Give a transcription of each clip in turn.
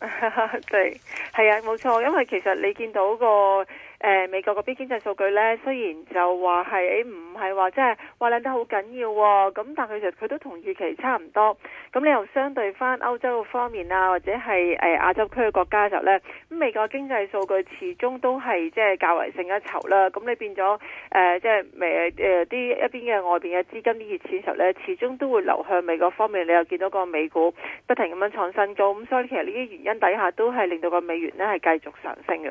對，係啊，冇錯，因為其實你見到、個。誒、呃，美國嗰邊經濟數據咧，雖然就話係唔係話即係話靚得好緊要、哦，咁但其實佢都同預期差唔多。咁你又相對翻歐洲嘅方面啊，或者係誒亞洲區嘅國家嘅、就是呃就是呃、時候咧，咁美國經濟數據始終都係即係較為勝一籌啦。咁你變咗誒，即係誒誒啲一邊嘅外邊嘅資金啲熱錢嘅時候咧，始終都會流向美國方面。你又見到個美股不停咁樣創新高，咁所以其實呢啲原因底下都係令到個美元咧係繼續上升嘅。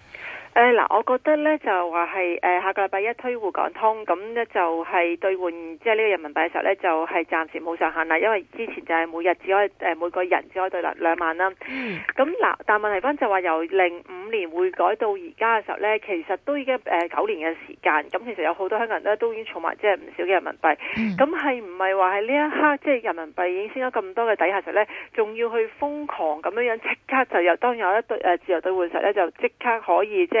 誒、呃、嗱，我覺得咧就話係誒下個禮拜一推滬港通，咁咧就係兌換即係呢個人民幣嘅時候咧，就係、是、暫時冇上限啦。因為之前就係每日只可以誒、呃、每個人只可以兌兩,兩萬啦。咁、嗯、嗱，但問問題翻就話由零五年會改到而家嘅時候咧，其實都已經誒九、呃、年嘅時間。咁其實有好多香港人咧都已經儲埋即係唔少嘅人民幣。咁係唔係話係呢一刻即係、就是、人民幣已經升咗咁多嘅底下時候呢，候咧仲要去瘋狂咁樣樣，即刻就當當有一對誒自由兌換時咧，就即刻可以即。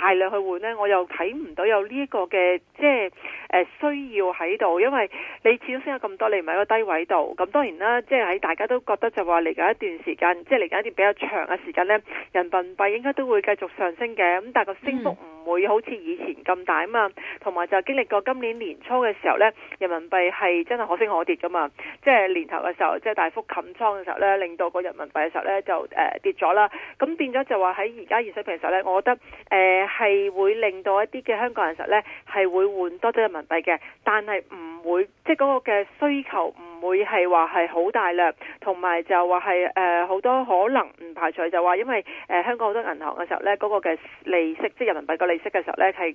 大量去換呢，我又睇唔到有呢個嘅即係、呃、需要喺度，因為你始終升咗咁多，你唔喺個低位度。咁當然啦，即係喺大家都覺得就話嚟緊一段時間，即係嚟緊一段比較長嘅時間呢，人民幣應該都會繼續上升嘅。咁但個升幅唔會好似以前咁大啊嘛。同埋就經歷過今年年初嘅時候呢，人民幣係真係可升可跌噶嘛。即係年頭嘅時候，即、就、係、是、大幅冚倉嘅時候呢，令到個人民幣嘅時候呢就、呃、跌咗啦。咁變咗就話喺而家現水平嘅時候呢，我覺得、呃係會令到一啲嘅香港人實呢係會換多咗人民幣嘅，但係唔會即係嗰個嘅需求唔會係話係好大量，同埋就話係誒好多可能唔排除就話，因為誒、呃、香港好多銀行嘅時候呢，嗰、嗰個嘅利息即係人民幣個利息嘅時候呢係誒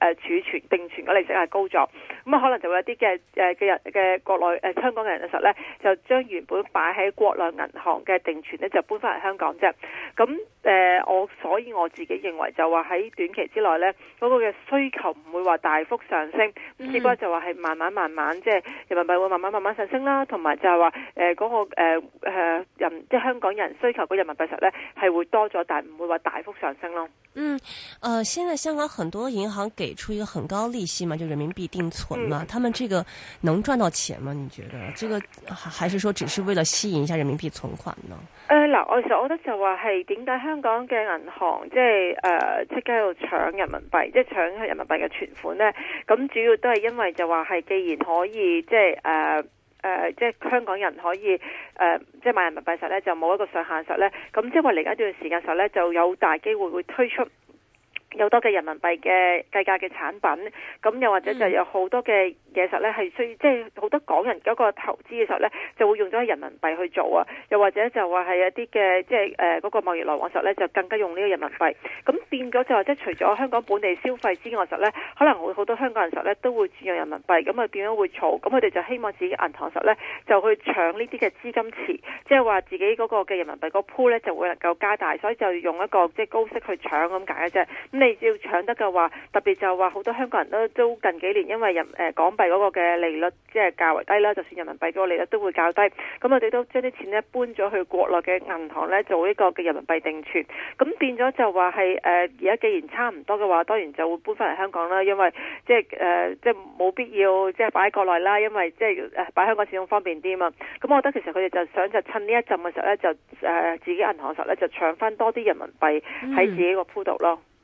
誒儲存定存嘅利息係高咗，咁啊可能就會有啲嘅誒嘅人嘅國內誒、呃、香港嘅人嘅時候呢，就將原本擺喺國內銀行嘅定存呢就搬翻嚟香港啫，咁。誒、呃，我所以我自己認為就話喺短期之內咧，嗰、那個嘅需求唔會話大幅上升，嗯、只不過就話係慢慢慢慢，即、就、係、是、人民幣會慢慢慢慢上升啦，同埋就係話誒嗰個誒誒、呃、人即係香港人需求嘅人民幣實咧係會多咗，但係唔會話大幅上升咯。嗯，誒、呃，現在香港很多銀行給出一個很高利息嘛，就人民幣定存嘛，嗯，他們這個能賺到錢嗎？你覺得？這個還是說只是為了吸引一下人民幣存款呢？嗯嗱，其實我覺得就話係點解香港嘅銀行即係誒即刻喺度搶人民幣，即係搶人民幣嘅存款呢？咁主要都係因為就話係，既然可以即係誒誒，即係香港人可以誒，即係買人民幣時咧，就冇一個上限時咧。咁即係嚟緊一段時間時咧，就有大機會會推出。有多嘅人民幣嘅計價嘅產品，咁又或者就有好多嘅嘢實咧，係需即係好多港人嗰個投資嘅時候咧，就會用咗人民幣去做啊。又或者就話係一啲嘅即係嗰個貿易來往實咧，就更加用呢個人民幣。咁變咗就即係除咗香港本地消費之外嘅時候咧，可能會好多香港人實咧都會轉用人民幣。咁啊點樣會燥？咁佢哋就希望自己銀行實咧就去搶呢啲嘅資金池，即係話自己嗰個嘅人民幣個 pool 咧就會能夠加大，所以就用一個即係高息去搶咁解嘅啫。即係要搶得嘅話，特別就話好多香港人都都近幾年，因為人誒、呃、港幣嗰個嘅利率即係較為低啦，就算人民幣嗰個利率都會較低。咁我哋都將啲錢咧搬咗去國內嘅銀行咧做呢個嘅人民幣定存。咁變咗就話係誒而家既然差唔多嘅話，當然就會搬翻嚟香港啦。因為、呃、即係誒、呃、即係冇必要即係擺喺國內啦，因為即係誒擺香港始終方便啲啊嘛。咁我覺得其實佢哋就想就趁呢一陣嘅時候咧，就誒、呃、自己銀行嘅時候咧就搶翻多啲人民幣喺自己個鋪度咯。嗯。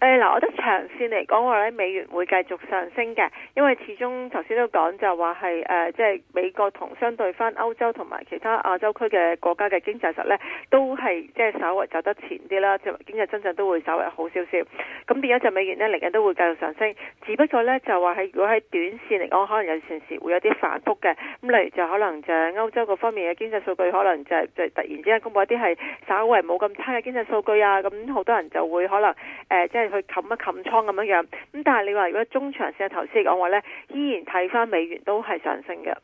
誒、哎，嗱，我哋長線嚟講，我咧美元會繼續上升嘅，因為始終頭先都講就話係誒，即、呃、係、就是、美國同相對翻歐洲同埋其他亞洲區嘅國家嘅經濟實咧，都係即係稍微走得前啲啦，即係經濟增長都會稍微好少少。咁變咗就美元呢？嚟日都會繼續上升。只不過咧就話係如果喺短線嚟講，可能有陣時會有啲反覆嘅。咁例如就可能就歐洲嗰方面嘅經濟數據，可能就是、就突然之間公佈一啲係稍微冇咁差嘅經濟數據啊，咁好多人就會可能誒，即、呃、係。就是去冚一冚倉咁樣樣，咁但係你話如果中長線投資嚟講話咧，依然睇翻美元都係上升嘅。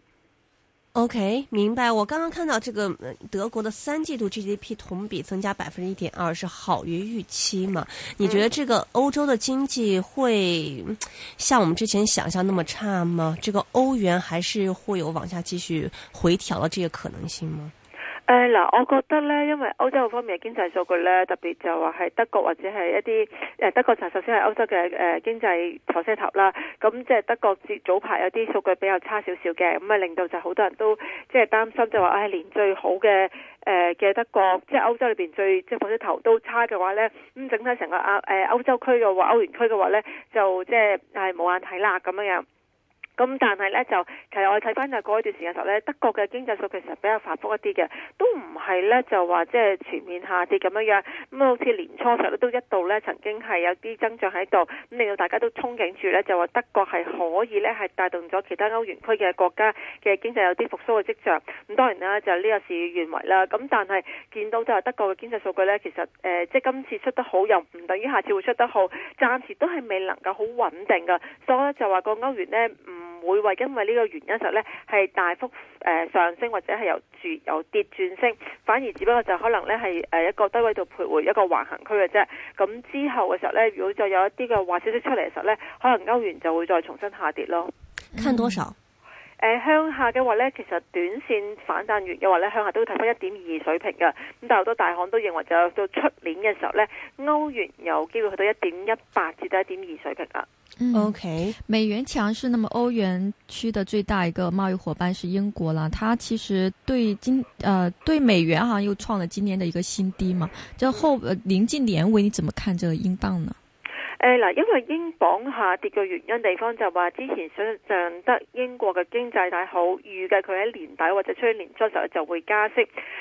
OK，明白。我剛剛看到這個德國的三季度 GDP 同比增加百分之一點二，是好於預期嘛？Mm. 你覺得這個歐洲的經濟會像我們之前想象那麼差嗎？這個歐元還是會有往下繼續回調嘅這個可能性嗎？誒，嗱，我覺得咧，因為歐洲方面嘅經濟數據咧，特別就話係德國或者係一啲誒德國，就首先係歐洲嘅誒、呃、經濟火車頭啦。咁即係德國，早排有啲數據比較差少少嘅，咁啊令到就好多人都即係、就是、擔心就是說，就話唉，連最好嘅誒嘅德國，即、就、係、是、歐洲裏邊最即係火車頭都差嘅話咧，咁整體成個阿誒歐洲區嘅話，歐元區嘅話咧，就即係係冇眼睇啦咁樣。咁但係呢，就，其實我睇翻就過一段時間時候呢，德國嘅經濟數據其實比較復甦一啲嘅，都唔係呢，就話即係全面下跌咁樣樣，咁啊好似年初時候都一度呢，曾經係有啲增長喺度，咁令到大家都憧憬住呢，就話德國係可以呢，係帶動咗其他歐元區嘅國家嘅經濟有啲復甦嘅跡象，咁當然啦就呢個事與願為啦，咁但係見到就係德國嘅經濟數據呢，其實即係、呃就是、今次出得好又唔等於下次會出得好，暫時都係未能夠好穩定嘅，所以就話個歐元呢。唔。會話因為呢個原因就呢係大幅誒、呃、上升或者係由轉由跌轉升，反而只不過就可能呢係誒一個低位度徘徊一個橫行區嘅啫。咁之後嘅時候呢，如果再有一啲嘅壞消息出嚟嘅時候呢，可能歐元就會再重新下跌咯。看多少？誒、呃，向下嘅話咧，其實短線反彈完嘅話咧，向下都會睇翻一點二水平嘅。咁但係好多大行都認為就到出年嘅時候咧，歐元有機會去到一點一八至到一點二水平啊，嗯。OK，美元強勢，那麼歐元區的最大一個貿易伙伴是英國啦。他其實對今，誒、呃、對美元啊又創了今年的一個新低嘛。就後、呃、臨近年尾，你怎麼看這個英鎊呢？誒，嗱，因為英鎊下跌嘅原因的地方就話之前想象得英國嘅經濟太好，預計佢喺年底或者出年中時候就會加息。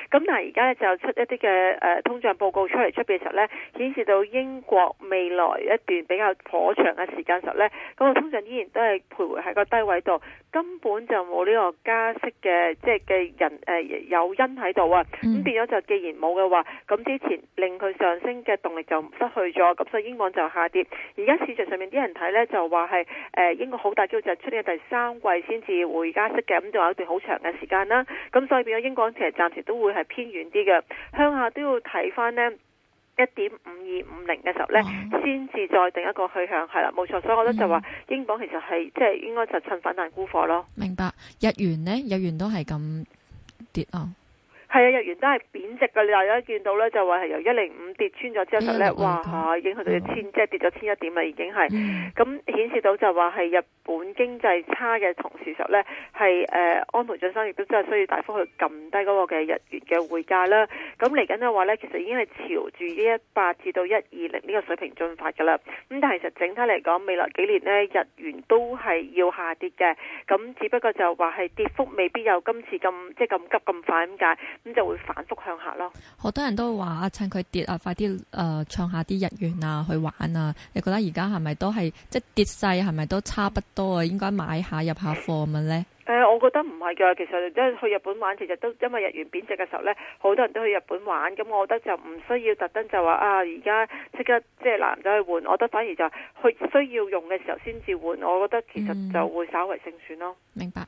咁但係而家咧就出一啲嘅誒通脹報告出嚟出面嘅時候咧，顯示到英國未來一段比較頗長嘅時間時候咧，嗰個通脹依然都係徘徊喺個低位度，根本就冇呢個加息嘅即係嘅人誒誘、呃、因喺度啊。咁變咗就既然冇嘅話，咁之前令佢上升嘅動力就失去咗，咁所以英鎊就下跌。而家市場上面啲人睇呢，就話係誒英國好大機會就出年第三季先至會加息嘅，咁仲有一段好長嘅時間啦。咁所以變咗，英鎊其實暫時都會係偏遠啲嘅。向下都要睇返呢一點五二五零嘅時候呢，先、哦、至再定一個去向係啦，冇錯。所以我覺得就話英鎊其實係即係應該就趁反彈沽貨咯。明白，日元呢？日元都係咁跌啊。哦係啊，日元都係貶值嘅，你大家見到咧就話係由一零五跌穿咗之後實咧、嗯，哇、啊、已經去到千、嗯，即係跌咗千一點啦已經係。咁、嗯、顯示到就話係日本經濟差嘅同時實咧，係誒、呃、安倍晉三亦都真係需要大幅去撳低嗰個嘅日元嘅匯價啦。咁嚟緊嘅話咧，其實已經係朝住呢一百至到一二零呢個水平進發㗎啦。咁但係其實整體嚟講，未來幾年咧日元都係要下跌嘅。咁只不過就話係跌幅未必有今次咁即係咁急咁快，點解？咁就會反覆向下咯。好多人都話趁佢跌啊，快啲誒、呃，唱下啲日元啊，去玩啊。你覺得而家係咪都係即係跌勢，係咪都差不多啊？應該買下入下貨咪咧？誒、呃，我覺得唔係㗎。其實即係去日本玩，其實都因為日元貶值嘅時候呢，好多人都去日本玩。咁我覺得就唔需要特登就話啊，而家即刻即係攔走去換。我覺得反而就係去需要用嘅時候先至換。我覺得其實就會稍為勝算咯。嗯、明白。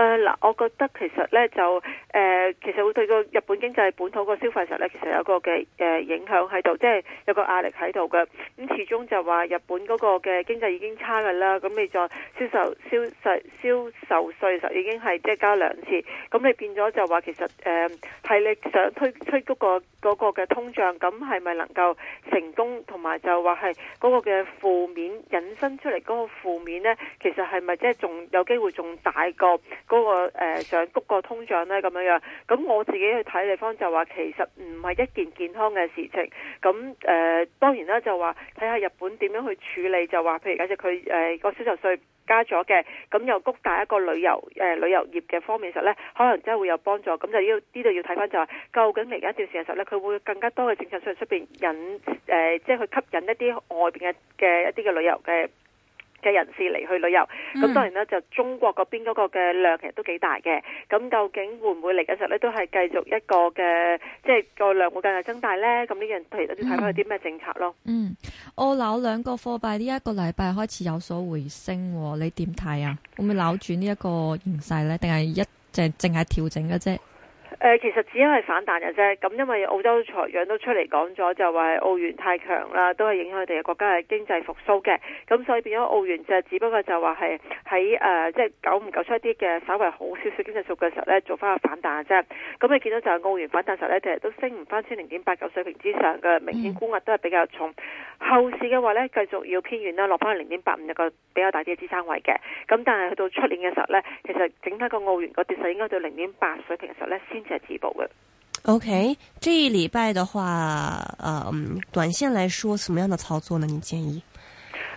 誒，嗱，我覺得其實咧就誒、呃，其實會對個日本經濟本土個消費實咧，其實有個嘅誒影響喺度，即、就、係、是、有個壓力喺度嘅。咁始終就話日本嗰個嘅經濟已經差噶啦，咁你再銷售、銷售、銷售稅實已經係即係交兩次，咁你變咗就話其實誒係、呃、你想推推嗰、那個嗰、那個嘅通脹，咁係咪能夠成功？同埋就話係嗰個嘅負面引申出嚟嗰個負面咧，其實係咪即係仲有機會仲大過？嗰、那個想、呃、谷個通脹咧咁樣樣，咁我自己去睇地方就話其實唔係一件健康嘅事情。咁、呃、當然啦，就話睇下日本點樣去處理，就話譬如假設佢個銷售稅加咗嘅，咁又谷大一個旅遊、呃、旅遊業嘅方面時候咧，可能真係會有幫助。咁就要呢度要睇翻就話，究竟嚟緊一段時間時候咧，佢會更加多嘅政策上出邊引、呃、即係去吸引一啲外邊嘅嘅一啲嘅旅遊嘅。嘅人士嚟去旅遊，咁、嗯、當然啦，就中國嗰邊嗰個嘅量其實都幾大嘅，咁究竟會唔會嚟嘅時候咧都係繼續一個嘅即係個量會更加增大咧？咁呢樣都要睇翻有啲咩政策咯。嗯，我扭兩個貨幣呢一個禮拜開始有所回升，你點睇啊？會唔會扭轉呢一個形勢咧？定係一就淨係調整嘅啫？誒、呃，其實只因為反彈嘅啫。咁因為澳洲財長都出嚟講咗，就話、係、澳元太強啦，都係影響佢哋嘅國家嘅經濟復甦嘅。咁所以變咗澳元就只不過就話係喺誒，即係久唔久出一啲嘅稍微好少少經濟數據嘅時候咧，做翻個反彈嘅啫。咁你見到就係澳元反彈時候咧，其實都升唔翻穿零點八九水平之上嘅，明顯沽壓都係比較重。後市嘅話咧，繼續要偏軟啦，落翻零點八五一個比較大啲嘅支撐位嘅。咁但係去到出年嘅時候咧，其實整體個澳元個跌勢應該到零點八水平嘅時候咧先嘅止步嘅，OK，呢一禮拜嘅話，嗯、呃，短線嚟說，什麼樣嘅操作呢？你建議？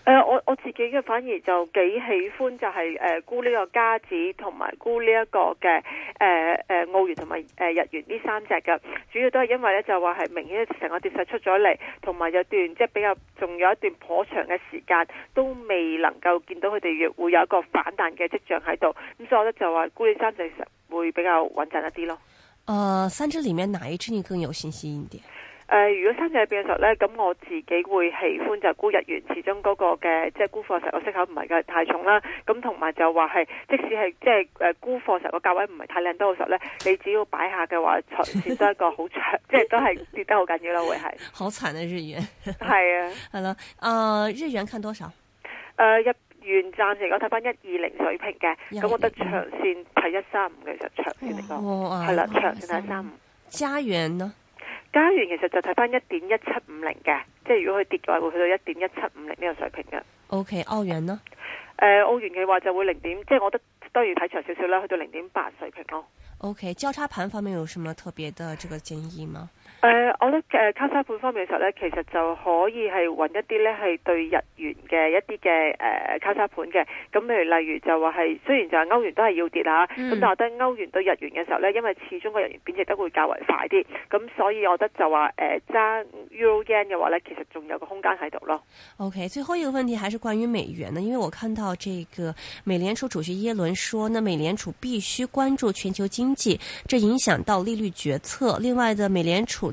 誒、呃，我我自己嘅反而就幾喜歡就係誒沽呢個加紙這個，同埋沽呢一個嘅誒誒澳元同埋誒日元呢三隻嘅，主要都係因為咧就話係明顯成個跌勢出咗嚟，同埋有，有段即係、就是、比較仲有一段頗長嘅時間都未能夠見到佢哋會有一個反彈嘅跡象喺度，咁、嗯、所以我咧就話沽呢三隻會比較穩陣一啲咯。啊、呃，三隻裏面哪一隻你更有信心一點？誒、呃，如果三隻變嘅時候咧，咁我自己會喜歡就沽日元，始終嗰個嘅即係沽貨實個息口唔係太重啦。咁同埋就話係，即使係即係誒沽貨實個價位唔係太靚都好實咧，你只要擺下嘅話，就先得一個好長， 即係都係跌得好緊要咯，會係。好慘啊，日元。係 是啊， 好啦，啊、呃，日元看多少？誒、呃、一。日原暫時我睇翻一二零水平嘅，咁晨 :20 我覺得長線睇一三五嘅，就長線嚟講係啦，長線睇一三五。加元呢？加元其實就睇翻一點一七五零嘅，即係如果佢跌嘅話，會去到一點一七五零呢個水平嘅。OK，澳元呢？誒、呃，澳元嘅話就會零點，即係我覺得都要睇長少少啦，去到零點八水平咯。OK，交叉盤方面有什麼特別的這個建議嗎？誒、呃，我覺得誒，交叉盤方面嘅時候咧，其實就可以係揾一啲咧係對日元嘅一啲嘅誒交叉盤嘅。咁例如例如就話係，雖然就係歐元都係要跌嚇，咁、嗯、但係我覺得歐元對日元嘅時候咧，因為始終個日元貶值得會較為快啲，咁所以我覺得就、呃、話誒，揸 Euro yen 嘅話咧，其實仲有個空間喺度咯。OK，最後一個問題，還是關於美元呢，因為我看到這個，美聯儲主席耶倫說，呢美聯儲必須關注全球經濟，這影響到利率決策。另外的美聯儲。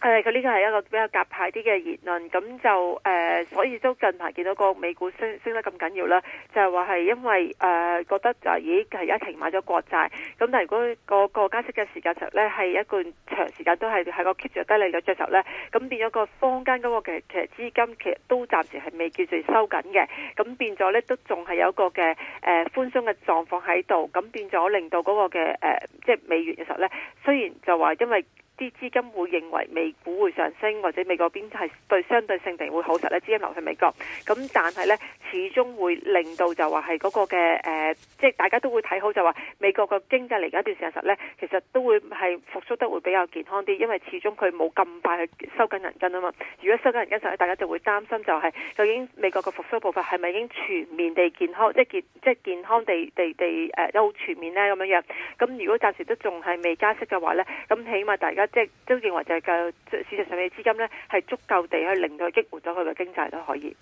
誒，佢呢個係一個比較鴿派啲嘅言論，咁就誒、呃，所以都近排見到個美股升升得咁緊要啦，就係話係因為誒、呃、覺得就係咦，係一停買咗國債，咁但係如果、那個那個加息嘅時間實咧係一段長時間都係喺個 keep 住低利率嘅時候咧，咁變咗個坊間嗰個嘅其實資金其實都暫時係未叫做收緊嘅，咁變咗咧都仲係有一個嘅誒寬鬆嘅狀況喺度，咁、呃、變咗令到嗰個嘅誒、呃、即係美元嘅時候咧，雖然就話因為。啲資金會認為美股會上升，或者美國邊係對相對性地會好實呢，資金流去美國，咁但係呢，始終會令到就話係嗰個嘅誒、呃，即係大家都會睇好，就話美國個經濟嚟緊一段時間實呢，其實都會係復甦得會比較健康啲，因為始終佢冇咁快收緊銀根啊嘛。如果收緊銀根實咧，大家就會擔心就係究竟美國個復甦步伐係咪已經全面地健康，即係健即係健康地地地誒、呃、都好全面呢？咁樣樣。咁如果暫時都仲係未加息嘅話呢，咁起碼大家。即係都認為就係夠，市場上嘅資金咧係足夠地去令到激活咗佢嘅經濟都可以。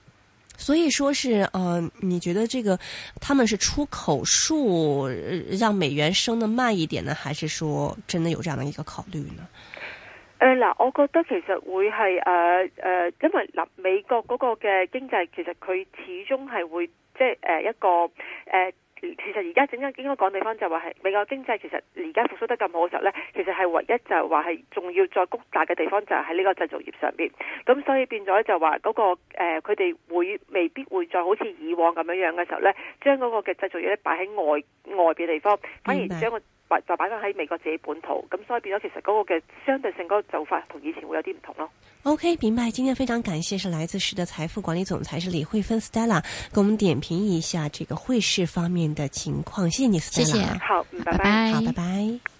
所以說是，嗯、呃，你覺得這個他們是出口數讓美元升得慢一點呢，還是說真的有這樣的一個考慮呢？誒，嗱，我覺得其實會係誒誒，因為嗱、呃，美國嗰個嘅經濟其實佢始終係會即係誒一個誒。呃其實而家整一應該講地方就話係美國經濟其實而家復甦得咁好嘅時候咧，其實係唯一就係話係仲要再谷大嘅地方就喺呢個製造業上邊。咁所以變咗就話嗰、嗰個佢哋、呃、會未必會再好似以往咁樣樣嘅時候咧，將嗰個嘅製造業擺喺外外邊地方，反而、嗯、將、嗰個。就擺翻喺美國自己本土，咁所以變咗其實嗰個嘅相對性嗰個做法同以前會有啲唔同咯。OK，明白。今天非常感謝，是來自市的財富管理總裁是李慧芬 Stella，給我們點評一下這個匯市方面的情況。謝謝你，Stella 謝謝。好，拜拜。好，拜拜。